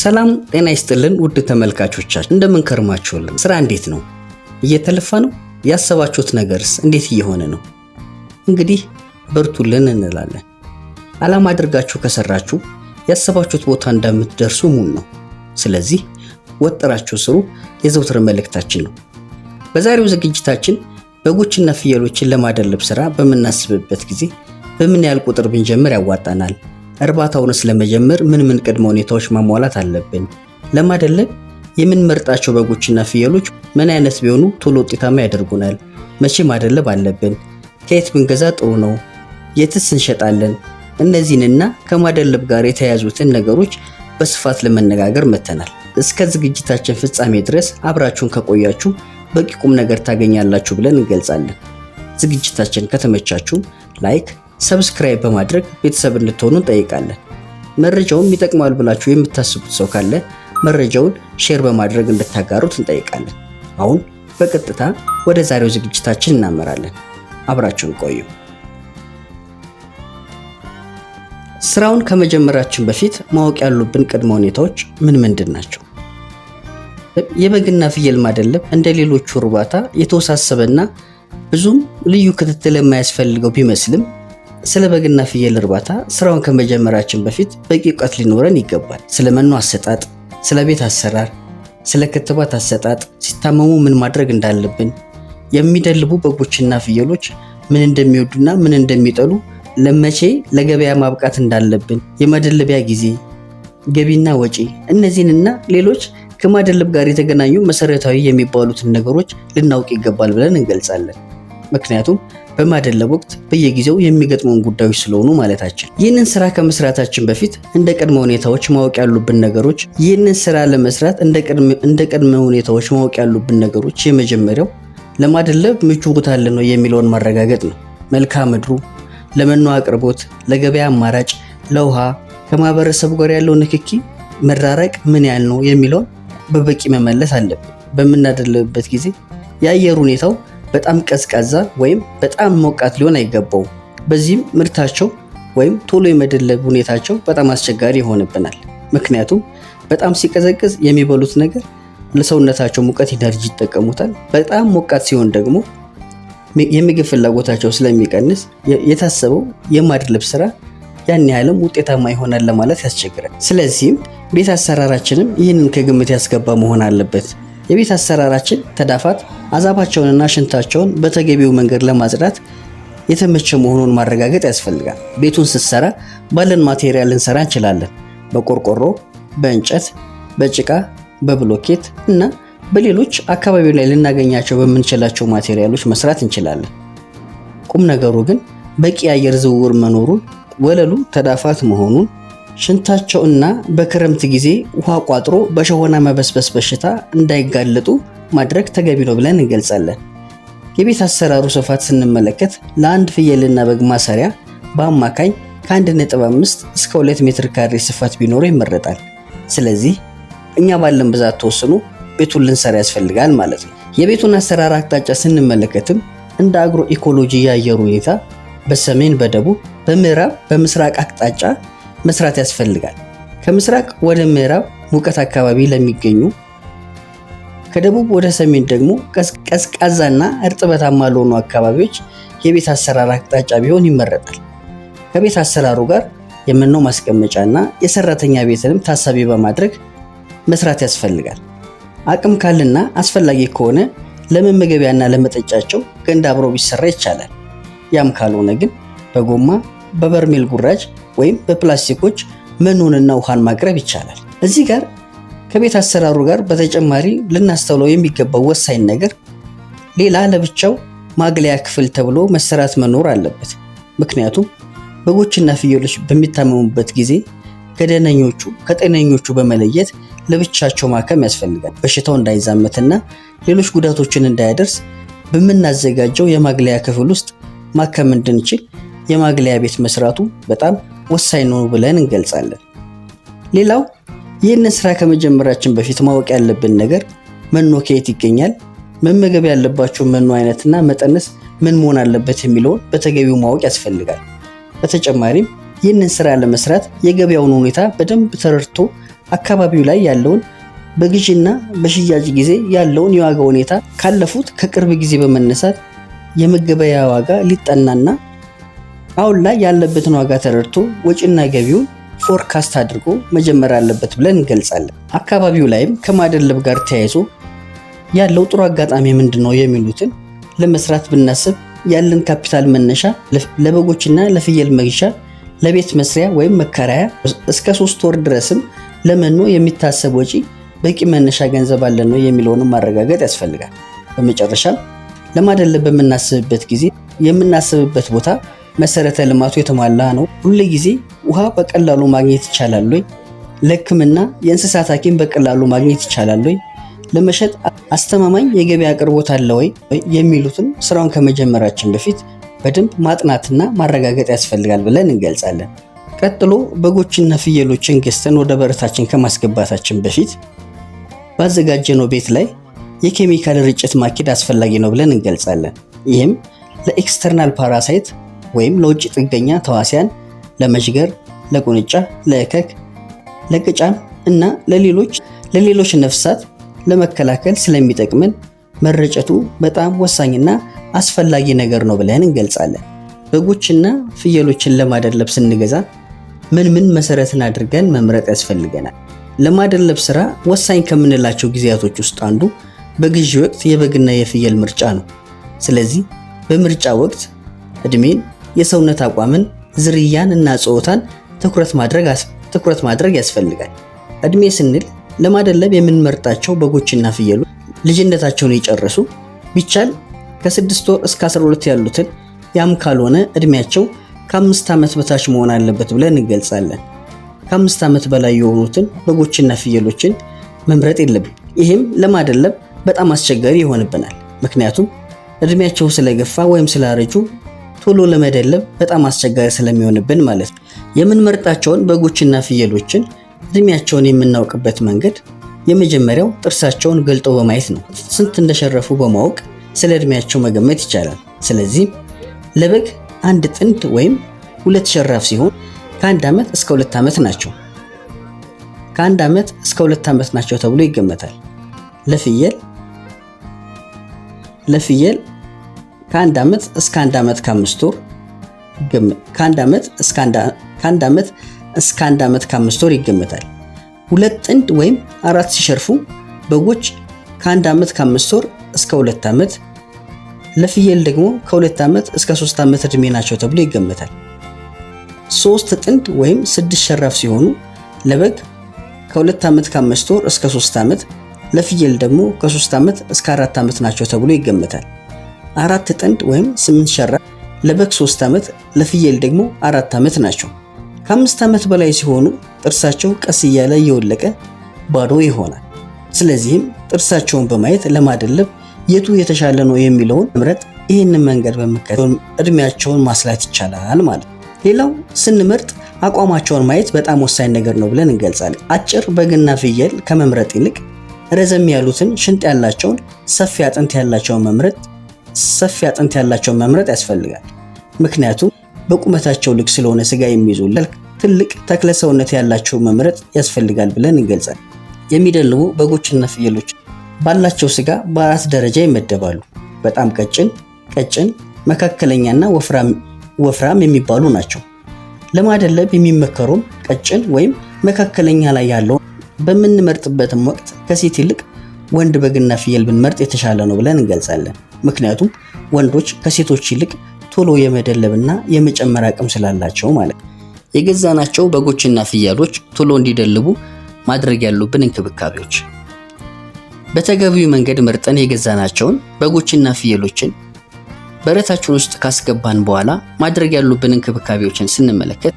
ሰላም ጤና ይስጥልን ውድ ተመልካቾቻችን እንደምን ከርማችሁልን? ስራ እንዴት ነው? እየተለፋ ነው? ያሰባችሁት ነገርስ እንዴት እየሆነ ነው? እንግዲህ በርቱልን እንላለን። ዓላማ አድርጋችሁ ከሰራችሁ ያሰባችሁት ቦታ እንደምትደርሱ ሙን ነው። ስለዚህ ወጥራችሁ ስሩ የዘውትር መልእክታችን ነው። በዛሬው ዝግጅታችን በጎችና ፍየሎችን ለማደለብ ስራ በምናስብበት ጊዜ በምን ያህል ቁጥር ብንጀምር ያዋጣናል እርባታውንስ ለመጀመር ምን ምን ቅድመ ሁኔታዎች ማሟላት አለብን? ለማደለብ የምንመርጣቸው በጎችና ፍየሎች ምን አይነት ቢሆኑ ቶሎ ውጤታማ ያደርጉናል? መቼ ማደለብ አለብን? ከየት ብንገዛ ጥሩ ነው? የትስ እንሸጣለን? እነዚህንና ከማደለብ ጋር የተያያዙትን ነገሮች በስፋት ለመነጋገር መተናል። እስከ ዝግጅታችን ፍጻሜ ድረስ አብራችሁን ከቆያችሁ በቂ ቁም ነገር ታገኛላችሁ ብለን እንገልጻለን። ዝግጅታችን ከተመቻችሁ ላይክ ሰብስክራይብ በማድረግ ቤተሰብ እንድትሆኑ እንጠይቃለን። መረጃውም ይጠቅማል ብላችሁ የምታስቡት ሰው ካለ መረጃውን ሼር በማድረግ እንድታጋሩት እንጠይቃለን። አሁን በቀጥታ ወደ ዛሬው ዝግጅታችን እናመራለን። አብራችሁን ቆዩ። ስራውን ከመጀመራችን በፊት ማወቅ ያሉብን ቅድመ ሁኔታዎች ምን ምንድን ናቸው? የበግና ፍየል ማደለብ እንደ ሌሎቹ እርባታ የተወሳሰበና ብዙም ልዩ ክትትል የማያስፈልገው ቢመስልም ስለ በግና ፍየል እርባታ ስራውን ከመጀመራችን በፊት በቂ እውቀት ሊኖረን ይገባል። ስለ መኖ አሰጣጥ፣ ስለ ቤት አሰራር፣ ስለ ክትባት አሰጣጥ፣ ሲታመሙ ምን ማድረግ እንዳለብን፣ የሚደልቡ በጎችና ፍየሎች ምን እንደሚወዱና ምን እንደሚጠሉ፣ ለመቼ ለገበያ ማብቃት እንዳለብን፣ የማደለቢያ ጊዜ፣ ገቢና ወጪ፣ እነዚህንና ሌሎች ከማደለብ ጋር የተገናኙ መሰረታዊ የሚባሉትን ነገሮች ልናውቅ ይገባል ብለን እንገልጻለን። ምክንያቱም በማደለብ ወቅት በየጊዜው የሚገጥመውን ጉዳዮች ስለሆኑ ማለታችን። ይህንን ስራ ከመስራታችን በፊት እንደ ቅድመ ሁኔታዎች ማወቅ ያሉብን ነገሮች ይህንን ስራ ለመስራት እንደ ቅድመ ሁኔታዎች ማወቅ ያሉብን ነገሮች የመጀመሪያው ለማደለብ ምቹ ቦታ አለ ነው የሚለውን ማረጋገጥ ነው። መልክዓ ምድሩ፣ ለመኖ አቅርቦት፣ ለገበያ አማራጭ፣ ለውሃ፣ ከማህበረሰቡ ጋር ያለው ንክኪ መራረቅ ምን ያህል ነው የሚለውን በበቂ መመለስ አለብን። በምናደለብበት ጊዜ የአየር ሁኔታው በጣም ቀዝቃዛ ወይም በጣም ሞቃት ሊሆን አይገባው። በዚህም ምርታቸው ወይም ቶሎ የመደለብ ሁኔታቸው በጣም አስቸጋሪ ይሆንብናል። ምክንያቱም በጣም ሲቀዘቅዝ የሚበሉት ነገር ለሰውነታቸው ሙቀት ኢነርጂ ይጠቀሙታል። በጣም ሞቃት ሲሆን ደግሞ የምግብ ፍላጎታቸው ስለሚቀንስ የታሰበው የማድለብ ስራ ያን ያህልም ውጤታማ ይሆናል ለማለት ያስቸግራል። ስለዚህም ቤት አሰራራችንም ይህንን ከግምት ያስገባ መሆን አለበት። የቤት አሰራራችን ተዳፋት አዛባቸውንና ሽንታቸውን በተገቢው መንገድ ለማጽዳት የተመቸ መሆኑን ማረጋገጥ ያስፈልጋል። ቤቱን ስትሰራ ባለን ማቴሪያል ልንሰራ እንችላለን። በቆርቆሮ፣ በእንጨት፣ በጭቃ፣ በብሎኬት እና በሌሎች አካባቢው ላይ ልናገኛቸው በምንችላቸው ማቴሪያሎች መስራት እንችላለን። ቁም ነገሩ ግን በቂ የአየር ዝውውር መኖሩን፣ ወለሉ ተዳፋት መሆኑን፣ ሽንታቸው እና በክረምት ጊዜ ውሃ ቋጥሮ በሸሆና መበስበስ በሽታ እንዳይጋለጡ ማድረግ ተገቢ ነው ብለን እንገልጻለን። የቤት አሰራሩ ስፋት ስንመለከት ለአንድ ፍየልና በግ ማሰሪያ በአማካኝ ከ1.5 እስከ 2 ሜትር ካሬ ስፋት ቢኖረው ይመረጣል። ስለዚህ እኛ ባለን ብዛት ተወስኖ ቤቱን ልንሰራ ያስፈልጋል ማለት ነው። የቤቱን አሰራር አቅጣጫ ስንመለከትም እንደ አግሮ ኢኮሎጂ የአየር ሁኔታ በሰሜን፣ በደቡብ፣ በምዕራብ፣ በምስራቅ አቅጣጫ መስራት ያስፈልጋል። ከምስራቅ ወደ ምዕራብ ሙቀት አካባቢ ለሚገኙ ከደቡብ ወደ ሰሜን ደግሞ ቀዝቃዛና እርጥበታማ ለሆኑ አካባቢዎች የቤት አሰራር አቅጣጫ ቢሆን ይመረጣል። ከቤት አሰራሩ ጋር የመኖ ማስቀመጫና የሰራተኛ ቤትንም ታሳቢ በማድረግ መስራት ያስፈልጋል። አቅም ካልና አስፈላጊ ከሆነ ለመመገቢያና ለመጠጫቸው ገንዳ አብሮ ቢሰራ ይቻላል። ያም ካልሆነ ግን በጎማ በበርሜል ጉራጅ ወይም በፕላስቲኮች መኖንና ውሃን ማቅረብ ይቻላል። እዚህ ጋር ከቤት አሰራሩ ጋር በተጨማሪ ልናስተውለው የሚገባው ወሳኝ ነገር ሌላ ለብቻው ማግለያ ክፍል ተብሎ መሰራት መኖር አለበት። ምክንያቱም በጎችና ፍየሎች በሚታመሙበት ጊዜ ገደነኞቹ ከጤነኞቹ በመለየት ለብቻቸው ማከም ያስፈልጋል። በሽታው እንዳይዛመትና ሌሎች ጉዳቶችን እንዳያደርስ በምናዘጋጀው የማግለያ ክፍል ውስጥ ማከም እንድንችል የማግለያ ቤት መስራቱ በጣም ወሳኝ ነው ብለን እንገልጻለን። ሌላው ይህንን ስራ ከመጀመራችን በፊት ማወቅ ያለብን ነገር መኖ ከየት ይገኛል፣ መመገብ ያለባቸው መኖ አይነትና መጠንስ ምን መሆን አለበት የሚለውን በተገቢው ማወቅ ያስፈልጋል። በተጨማሪም ይህንን ስራ ለመስራት የገበያውን ሁኔታ በደንብ ተረድቶ አካባቢው ላይ ያለውን በግዥና በሽያጭ ጊዜ ያለውን የዋጋ ሁኔታ ካለፉት ከቅርብ ጊዜ በመነሳት የመገበያ ዋጋ ሊጠናና አሁን ላይ ያለበትን ዋጋ ተረድቶ ወጪና ገቢውን ፎርካስት አድርጎ መጀመር አለበት ብለን እንገልጻለን። አካባቢው ላይም ከማደለብ ጋር ተያይዞ ያለው ጥሩ አጋጣሚ ምንድን ነው የሚሉትን ለመስራት ብናስብ ያለን ካፒታል መነሻ ለበጎችና ለፍየል መግዣ፣ ለቤት መስሪያ ወይም መከራያ እስከ ሶስት ወር ድረስም ለመኖ የሚታሰብ ወጪ በቂ መነሻ ገንዘብ አለን ነው የሚለውንም ማረጋገጥ ያስፈልጋል። በመጨረሻም ለማደለብ በምናስብበት ጊዜ የምናስብበት ቦታ መሰረተ ልማቱ የተሟላ ነው? ሁል ጊዜ ውሃ በቀላሉ ማግኘት ይቻላል ወይ? ለህክምና የእንስሳት ሐኪም በቀላሉ ማግኘት ይቻላል ወይ? ለመሸጥ አስተማማኝ የገበያ አቅርቦት አለ ወይ? የሚሉትን ስራውን ከመጀመራችን በፊት በደንብ ማጥናትና ማረጋገጥ ያስፈልጋል ብለን እንገልጻለን። ቀጥሎ በጎችና ፍየሎችን ገዝተን ወደ በረታችን ከማስገባታችን በፊት ባዘጋጀነው ቤት ላይ የኬሚካል ርጭት ማኪድ አስፈላጊ ነው ብለን እንገልጻለን። ይህም ለኤክስተርናል ፓራሳይት ወይም ለውጭ ጥገኛ ተዋሲያን፣ ለመዥገር፣ ለቁንጫ፣ ለእከክ፣ ለቅጫም እና ለሌሎች ለሌሎች ነፍሳት ለመከላከል ስለሚጠቅመን መረጨቱ በጣም ወሳኝና አስፈላጊ ነገር ነው ብለን እንገልጻለን። በጎችና ፍየሎችን ለማደለብ ስንገዛ ምን ምን መሰረትን አድርገን መምረጥ ያስፈልገናል? ለማደለብ ስራ ወሳኝ ከምንላቸው ጊዜያቶች ውስጥ አንዱ በግዢ ወቅት የበግና የፍየል ምርጫ ነው። ስለዚህ በምርጫ ወቅት እድሜን የሰውነት አቋምን፣ ዝርያን እና ጾታን ትኩረት ማድረግ ያስፈልጋል። እድሜ ስንል ለማደለብ የምንመርጣቸው በጎችና ፍየሉ ልጅነታቸውን የጨረሱ ቢቻል ከስድስት ወር እስከ 12 ያሉትን ያም ካልሆነ እድሜያቸው ከአምስት ዓመት በታች መሆን አለበት ብለን እንገልጻለን። ከአምስት ዓመት በላይ የሆኑትን በጎችና ፍየሎችን መምረጥ የለብን። ይህም ለማደለብ በጣም አስቸጋሪ ይሆንብናል። ምክንያቱም እድሜያቸው ስለገፋ ወይም ስላረጁ ቶሎ ለመደለብ በጣም አስቸጋሪ ስለሚሆንብን ማለት ነው። የምንመርጣቸውን በጎችና ፍየሎችን እድሜያቸውን የምናውቅበት መንገድ የመጀመሪያው ጥርሳቸውን ገልጦ በማየት ነው። ስንት እንደሸረፉ በማወቅ ስለ እድሜያቸው መገመት ይቻላል። ስለዚህ ለበግ አንድ ጥንድ ወይም ሁለት ሸራፍ ሲሆን ከአንድ ዓመት እስከ ሁለት ዓመት ናቸው ከአንድ ዓመት እስከ ሁለት ዓመት ናቸው ተብሎ ይገመታል። ለፍየል ለፍየል ከአንድ ዓመት እስከ አንድ ዓመት ከአምስት ወር ከአንድ ዓመት እስከ አንድ ዓመት ከአምስት ወር ይገመታል። ሁለት ጥንድ ወይም አራት ሲሸርፉ በጎች ከአንድ ዓመት ከአምስት ወር እስከ ሁለት ዓመት፣ ለፍየል ደግሞ ከሁለት ዓመት እስከ ሶስት ዓመት ዕድሜ ናቸው ተብሎ ይገመታል። ሶስት ጥንድ ወይም ስድስት ሸራፍ ሲሆኑ ለበግ ከሁለት ዓመት ከአምስት ወር እስከ ሶስት ዓመት፣ ለፍየል ደግሞ ከሶስት ዓመት እስከ አራት ዓመት ናቸው ተብሎ ይገመታል። አራት ጥንድ ወይም ስምንት ሸራ ለበግ ሶስት ዓመት ለፍየል ደግሞ አራት ዓመት ናቸው። ከአምስት ዓመት በላይ ሲሆኑ ጥርሳቸው ቀስ እያለ እየወለቀ ባዶ ይሆናል። ስለዚህም ጥርሳቸውን በማየት ለማደለብ የቱ የተሻለ ነው የሚለውን ምረጥ። ይህንን መንገድ በመከተል እድሜያቸውን ማስላት ይቻላል ማለት ነው። ሌላው ስንመርጥ አቋማቸውን ማየት በጣም ወሳኝ ነገር ነው ብለን እንገልጻለን። አጭር በግና ፍየል ከመምረጥ ይልቅ ረዘም ያሉትን ሽንጥ ያላቸውን ሰፊ አጥንት ያላቸውን መምረጥ ሰፊ አጥንት ያላቸውን መምረጥ ያስፈልጋል። ምክንያቱም በቁመታቸው ልክ ስለሆነ ስጋ የሚይዙ ለልክ ትልቅ ተክለ ሰውነት ያላቸው መምረጥ ያስፈልጋል ብለን ይገልጻል። የሚደልቡ በጎችና ፍየሎች ባላቸው ስጋ በአራት ደረጃ ይመደባሉ። በጣም ቀጭን፣ ቀጭን፣ መካከለኛና ወፍራም የሚባሉ ናቸው። ለማደለብ የሚመከሩም ቀጭን ወይም መካከለኛ ላይ ያለውን በምንመርጥበትም ወቅት ከሴት ይልቅ ወንድ በግና ፍየል ብንመርጥ የተሻለ ነው ብለን እንገልጻለን። ምክንያቱም ወንዶች ከሴቶች ይልቅ ቶሎ የመደለብና የመጨመር አቅም ስላላቸው ማለት የገዛናቸው በጎችና ፍየሎች ቶሎ እንዲደልቡ ማድረግ ያሉብን እንክብካቤዎች በተገቢው መንገድ መርጠን የገዛናቸውን በጎችና ፍየሎችን በረታችን ውስጥ ካስገባን በኋላ ማድረግ ያሉብን እንክብካቤዎችን ስንመለከት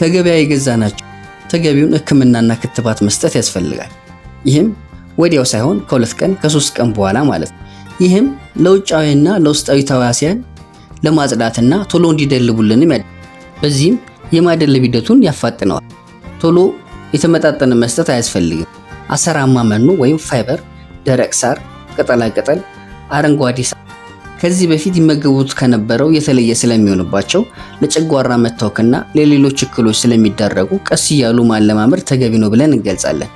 ከገበያ የገዛናቸው ተገቢውን ሕክምናና ክትባት መስጠት ያስፈልጋል። ይህም ወዲያው ሳይሆን ከሁለት ቀን ከሶስት ቀን በኋላ ማለት ነው። ይህም ለውጫዊና ለውስጣዊ ተዋሲያን ለማጽዳትና ቶሎ እንዲደልቡልንም ያደ በዚህም የማደለብ ሂደቱን ያፋጥነዋል። ቶሎ የተመጣጠነ መስጠት አያስፈልግም። አሰራማ መኖ ወይም ፋይበር፣ ደረቅ ሳር፣ ቅጠላቅጠል፣ አረንጓዴ ሳር ከዚህ በፊት ይመገቡት ከነበረው የተለየ ስለሚሆንባቸው ለጨጓራ መታወክና ለሌሎች እክሎች ስለሚዳረጉ ቀስ እያሉ ማለማመድ ተገቢ ነው ብለን እንገልጻለን።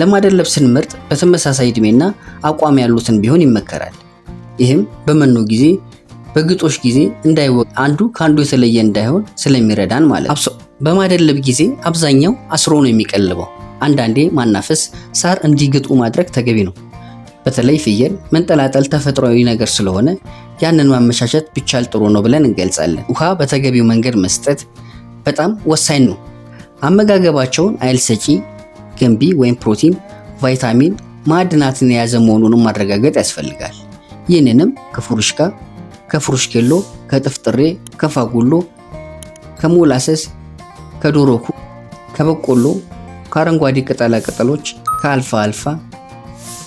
ለማደለብ ስንመርጥ በተመሳሳይ ዕድሜና አቋም ያሉትን ቢሆን ይመከራል። ይህም በመኖ ጊዜ በግጦሽ ጊዜ እንዳይወቅ አንዱ ከአንዱ የተለየ እንዳይሆን ስለሚረዳን ማለት ነው። በማደለብ ጊዜ አብዛኛው አስሮ ነው የሚቀልበው። አንዳንዴ ማናፈስ፣ ሳር እንዲግጡ ማድረግ ተገቢ ነው። በተለይ ፍየል መንጠላጠል ተፈጥሯዊ ነገር ስለሆነ ያንን ማመቻቸት ቢቻል ጥሩ ነው ብለን እንገልጻለን። ውሃ በተገቢው መንገድ መስጠት በጣም ወሳኝ ነው። አመጋገባቸውን አይል ሰጪ ገንቢ ወይም ፕሮቲን፣ ቫይታሚን፣ ማዕድናትን የያዘ መሆኑንም ማረጋገጥ ያስፈልጋል። ይህንንም ከፍሩሽካ ከፍሩሽኬሎ፣ ከጥፍጥሬ፣ ከፋጉሎ፣ ከሞላሰስ፣ ከዶሮኩ፣ ከበቆሎ፣ ከአረንጓዴ ቅጠላ ቅጠሎች፣ ከአልፋ አልፋ፣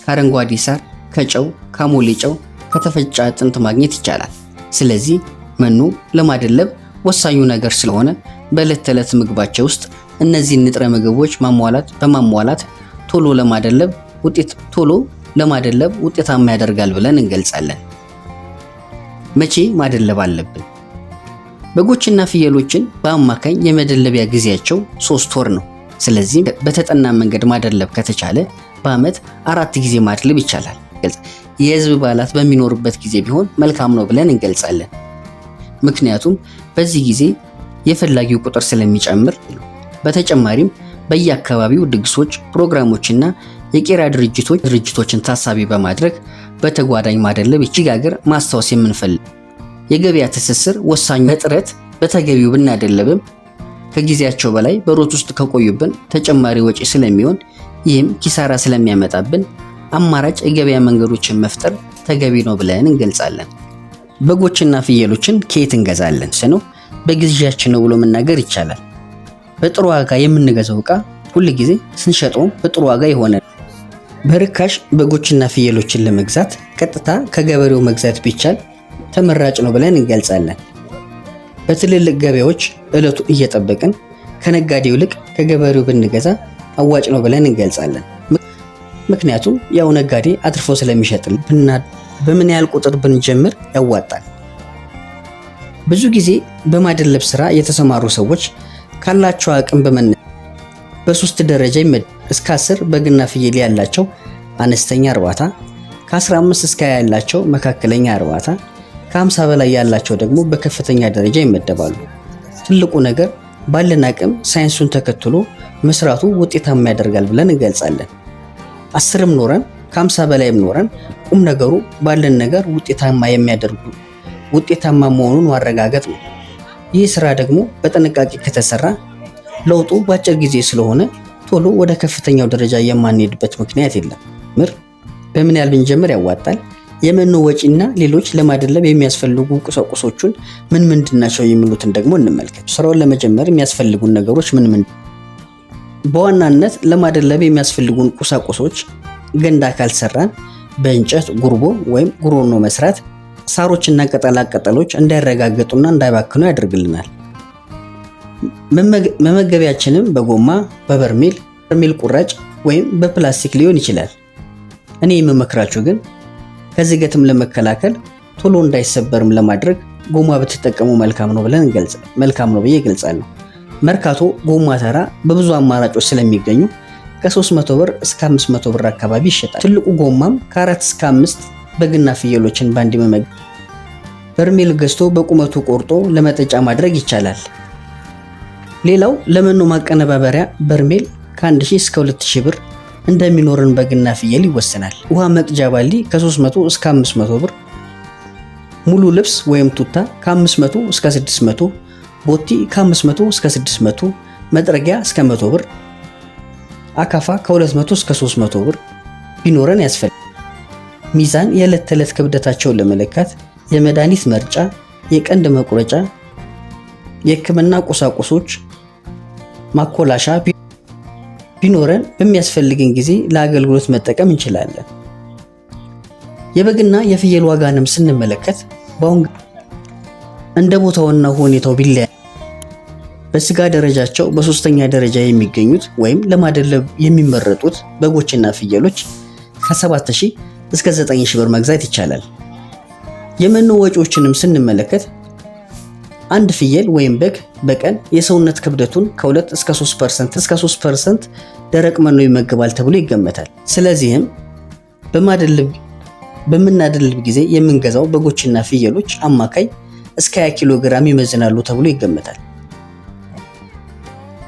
ከአረንጓዴ ሳር፣ ከጨው፣ ከሞሌ ጨው፣ ከተፈጨ አጥንት ማግኘት ይቻላል። ስለዚህ መኖ ለማደለብ ወሳኙ ነገር ስለሆነ በዕለት ተዕለት ምግባቸው ውስጥ እነዚህን ንጥረ ምግቦች ማሟላት በማሟላት ቶሎ ለማደለብ ውጤት ቶሎ ለማደለብ ውጤታማ ያደርጋል ብለን እንገልጻለን። መቼ ማደለብ አለብን? በጎችና ፍየሎችን በአማካኝ የመደለቢያ ጊዜያቸው ሶስት ወር ነው። ስለዚህም በተጠና መንገድ ማደለብ ከተቻለ በዓመት አራት ጊዜ ማድለብ ይቻላል። የህዝብ በዓላት በሚኖሩበት ጊዜ ቢሆን መልካም ነው ብለን እንገልጻለን። ምክንያቱም በዚህ ጊዜ የፈላጊው ቁጥር ስለሚጨምር በተጨማሪም በየአካባቢው ድግሶች፣ ፕሮግራሞችና የቄራ ድርጅቶች ድርጅቶችን ታሳቢ በማድረግ በተጓዳኝ ማደለብ እጅግ ሀገር ማስታወስ የምንፈልግ የገበያ ትስስር ወሳኙ እጥረት በተገቢው ብናደለብም ከጊዜያቸው በላይ በሮት ውስጥ ከቆዩብን ተጨማሪ ወጪ ስለሚሆን ይህም ኪሳራ ስለሚያመጣብን አማራጭ የገበያ መንገዶችን መፍጠር ተገቢ ነው ብለን እንገልጻለን። በጎችና ፍየሎችን ከየት እንገዛለን ስነው በግዢያችን ነው ብሎ መናገር ይቻላል። በጥሩ ዋጋ የምንገዛው እቃ ሁል ጊዜ ስንሸጠው በጥሩ ዋጋ ይሆነ በርካሽ በጎችና ፍየሎችን ለመግዛት ቀጥታ ከገበሬው መግዛት ቢቻል ተመራጭ ነው ብለን እንገልጻለን። በትልልቅ ገበያዎች እለቱ እየጠበቅን ከነጋዴው ይልቅ ከገበሬው ብንገዛ አዋጭ ነው ብለን እንገልጻለን። ምክንያቱም ያው ነጋዴ አትርፎ ስለሚሸጥል ብና በምን ያህል ቁጥር ብንጀምር ያዋጣል። ብዙ ጊዜ በማደለብ ስራ የተሰማሩ ሰዎች ካላቸው አቅም በመነ በሶስት ደረጃ ይመድ እስከ 10 በግና ፍየል ያላቸው አነስተኛ እርባታ፣ ከ15 እስከ 20 ያላቸው መካከለኛ እርባታ፣ ከ50 በላይ ያላቸው ደግሞ በከፍተኛ ደረጃ ይመደባሉ። ትልቁ ነገር ባለን አቅም ሳይንሱን ተከትሎ መስራቱ ውጤታማ ያደርጋል ብለን እንገልጻለን። አስርም ኖረን ከአምሳ በላይም ኖረን ቁም ነገሩ ባለን ነገር ውጤታማ የሚያደርጉ ውጤታማ መሆኑን ማረጋገጥ ነው። ይህ ስራ ደግሞ በጥንቃቄ ከተሰራ ለውጡ በአጭር ጊዜ ስለሆነ ቶሎ ወደ ከፍተኛው ደረጃ የማንሄድበት ምክንያት የለም። ምር በምን ያህል ብንጀምር ያዋጣል? የመኖ ወጪና ሌሎች ለማደለብ የሚያስፈልጉ ቁሳቁሶቹን ምን ምንድን ናቸው የሚሉትን ደግሞ እንመልከት። ስራውን ለመጀመር የሚያስፈልጉን ነገሮች ምን ምን? በዋናነት ለማደለብ የሚያስፈልጉን ቁሳቁሶች ገንዳ ካልሰራን በእንጨት ጉርቦ ወይም ጉሮኖ መስራት ሳሮችና ቅጠላ ቅጠሎች እንዳይረጋገጡና እንዳይባክኑ ያደርግልናል። መመገቢያችንም በጎማ፣ በበርሜል፣ በርሜል ቁራጭ ወይም በፕላስቲክ ሊሆን ይችላል። እኔ የምመክራችሁ ግን ከዝገትም ለመከላከል ቶሎ እንዳይሰበርም ለማድረግ ጎማ ብትጠቀሙ መልካም ነው ብለን መልካም ነው ብዬ እገልጻለሁ። መርካቶ ጎማ ተራ በብዙ አማራጮች ስለሚገኙ ከ300 ብር እስከ 500 ብር አካባቢ ይሸጣል። ትልቁ ጎማም ከ4 እስከ 5 በግና ፍየሎችን ባንድ መመገብ በርሜል ገዝቶ በቁመቱ ቆርጦ ለመጠጫ ማድረግ ይቻላል። ሌላው ለመኖ ማቀነባበሪያ በርሜል ከ1000 እስከ 2000 ብር እንደሚኖርን በግና ፍየል ይወሰናል። ውሃ መቅጃ ባሊ ከ300 እስከ 500 ብር፣ ሙሉ ልብስ ወይም ቱታ ከ500 እስከ 600፣ ቦቲ ከ500 እስከ 600፣ መጥረጊያ እስከ 100 ብር፣ አካፋ ከ200 እስከ 300 ብር ቢኖረን ያስፈልጋል። ሚዛን የዕለት ተዕለት ክብደታቸውን ለመለካት የመድኃኒት መርጫ፣ የቀንድ መቁረጫ፣ የሕክምና ቁሳቁሶች ማኮላሻ ቢኖረን በሚያስፈልግን ጊዜ ለአገልግሎት መጠቀም እንችላለን። የበግና የፍየል ዋጋንም ስንመለከት በአሁን እንደ ቦታውና ሁኔታው ቢለያ በስጋ ደረጃቸው በሶስተኛ ደረጃ የሚገኙት ወይም ለማደለብ የሚመረጡት በጎችና ፍየሎች ከ7000 እስከ 9000 ብር መግዛት ይቻላል። የመኖ ወጪዎችንም ስንመለከት አንድ ፍየል ወይም በግ በቀን የሰውነት ክብደቱን ከ2 እስከ 3% እስከ 3% ደረቅ መኖ ይመገባል ተብሎ ይገመታል። ስለዚህም በማደልብ በምናደልብ ጊዜ የምንገዛው በጎችና ፍየሎች አማካይ እስከ 20 ኪሎ ግራም ይመዝናሉ ተብሎ ይገመታል።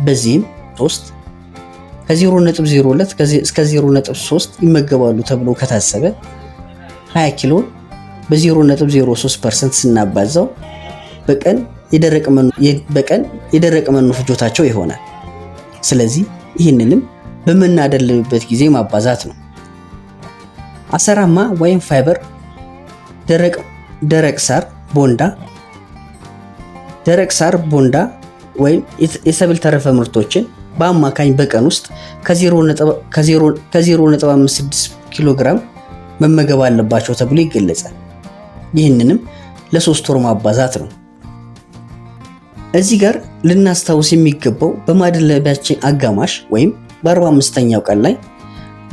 በዚህም 3 ከ0.02 እስከ 0.3 ይመገባሉ ተብሎ ከታሰበ 20 ኪሎ በ0.03 ፐርሰንት ስናባዛው በቀን የደረቅ መኖ ፍጆታቸው ይሆናል። ስለዚህ ይህንንም በምናደልብበት ጊዜ ማባዛት ነው። አሰራማ ወይም ፋይበር፣ ደረቅ ሳር ቦንዳ፣ ደረቅ ሳር ቦንዳ ወይም የሰብል ተረፈ ምርቶችን በአማካኝ በቀን ውስጥ ከ0.56 ኪሎ ግራም መመገብ አለባቸው ተብሎ ይገለጻል። ይህንንም ለሶስት ወር ማባዛት ነው። እዚህ ጋር ልናስታውስ የሚገባው በማደለቢያችን አጋማሽ ወይም በ45ኛው ቀን ላይ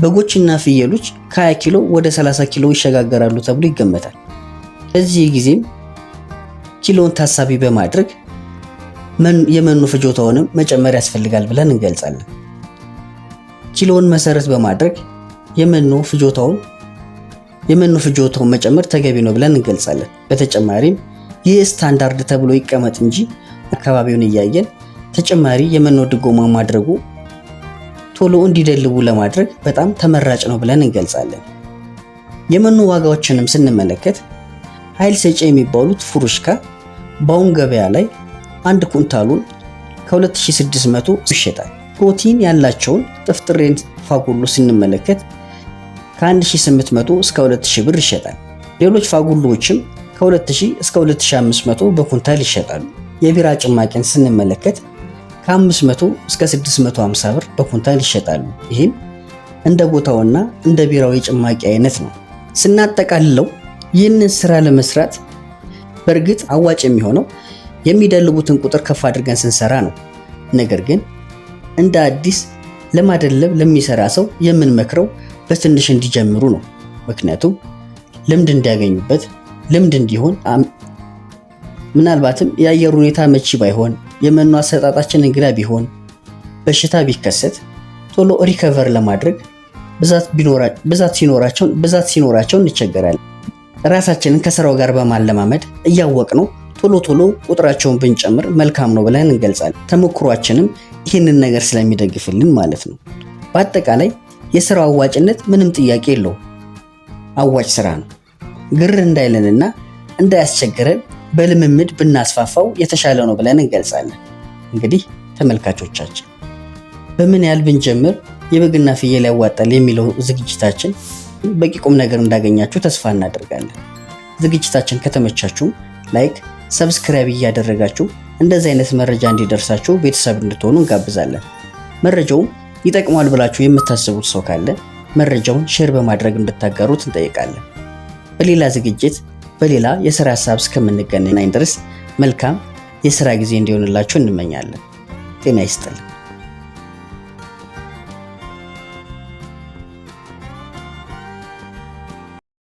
በጎችና ፍየሎች ከ20 ኪሎ ወደ 30 ኪሎ ይሸጋገራሉ ተብሎ ይገመታል። እዚህ ጊዜም ኪሎን ታሳቢ በማድረግ የመኖ ፍጆታውንም መጨመር ያስፈልጋል ብለን እንገልጻለን። ኪሎውን መሰረት በማድረግ የመኖ ፍጆታውን የመኖ ፍጆታውን መጨመር ተገቢ ነው ብለን እንገልጻለን። በተጨማሪም ይህ ስታንዳርድ ተብሎ ይቀመጥ እንጂ አካባቢውን እያየን ተጨማሪ የመኖ ድጎማ ማድረጉ ቶሎ እንዲደልቡ ለማድረግ በጣም ተመራጭ ነው ብለን እንገልጻለን። የመኖ ዋጋዎችንም ስንመለከት ኃይል ሰጪ የሚባሉት ፍሩሽካ በአሁን ገበያ ላይ አንድ ኩንታሉን ከ2600 ይሸጣል። ፕሮቲን ያላቸውን ጥፍጥሬን ፋጉሎ ስንመለከት ከ1800 እስከ 2000 ብር ይሸጣል። ሌሎች ፋጉሎዎችም ከ2000 እስከ 2500 በኩንታል ይሸጣሉ። የቢራ ጭማቂን ስንመለከት ከ500 እስከ 650 ብር በኩንታል ይሸጣሉ። ይህም እንደ ቦታውና እንደ ቢራው የጭማቂ አይነት ነው። ስናጠቃልለው ይህንን ስራ ለመስራት በእርግጥ አዋጭ የሚሆነው የሚደልቡትን ቁጥር ከፍ አድርገን ስንሰራ ነው። ነገር ግን እንደ አዲስ ለማደለብ ለሚሰራ ሰው የምንመክረው በትንሽ እንዲጀምሩ ነው። ምክንያቱም ልምድ እንዲያገኙበት ልምድ እንዲሆን ምናልባትም የአየር ሁኔታ መቺ ባይሆን፣ የመኖ አሰጣጣችን እንግዳ ቢሆን፣ በሽታ ቢከሰት ቶሎ ሪከቨር ለማድረግ ብዛት ሲኖራቸውን ብዛት ሲኖራቸው እንቸገራለን። ራሳችንን ከስራው ጋር በማለማመድ እያወቅ ነው ቶሎ ቶሎ ቁጥራቸውን ብንጨምር መልካም ነው ብለን እንገልጻለን። ተሞክሯችንም ይህንን ነገር ስለሚደግፍልን ማለት ነው። በአጠቃላይ የስራው አዋጭነት ምንም ጥያቄ የለው፣ አዋጭ ስራ ነው። ግር እንዳይለንና እንዳያስቸግረን በልምምድ ብናስፋፋው የተሻለ ነው ብለን እንገልጻለን። እንግዲህ ተመልካቾቻችን በምን ያህል ብንጀምር የበግና ፍየል ያዋጣል የሚለው ዝግጅታችን በቂ ቁም ነገር እንዳገኛችሁ ተስፋ እናደርጋለን። ዝግጅታችን ከተመቻችሁም ላይክ ሰብስክራይብ እያደረጋችሁ እንደዚህ አይነት መረጃ እንዲደርሳችሁ ቤተሰብ እንድትሆኑ እንጋብዛለን። መረጃውም ይጠቅማል ብላችሁ የምታስቡት ሰው ካለ መረጃውን ሼር በማድረግ እንድታጋሩት እንጠይቃለን። በሌላ ዝግጅት በሌላ የስራ ሀሳብ እስከምንገናኝ ድረስ መልካም የስራ ጊዜ እንዲሆንላችሁ እንመኛለን። ጤና ይስጥልን።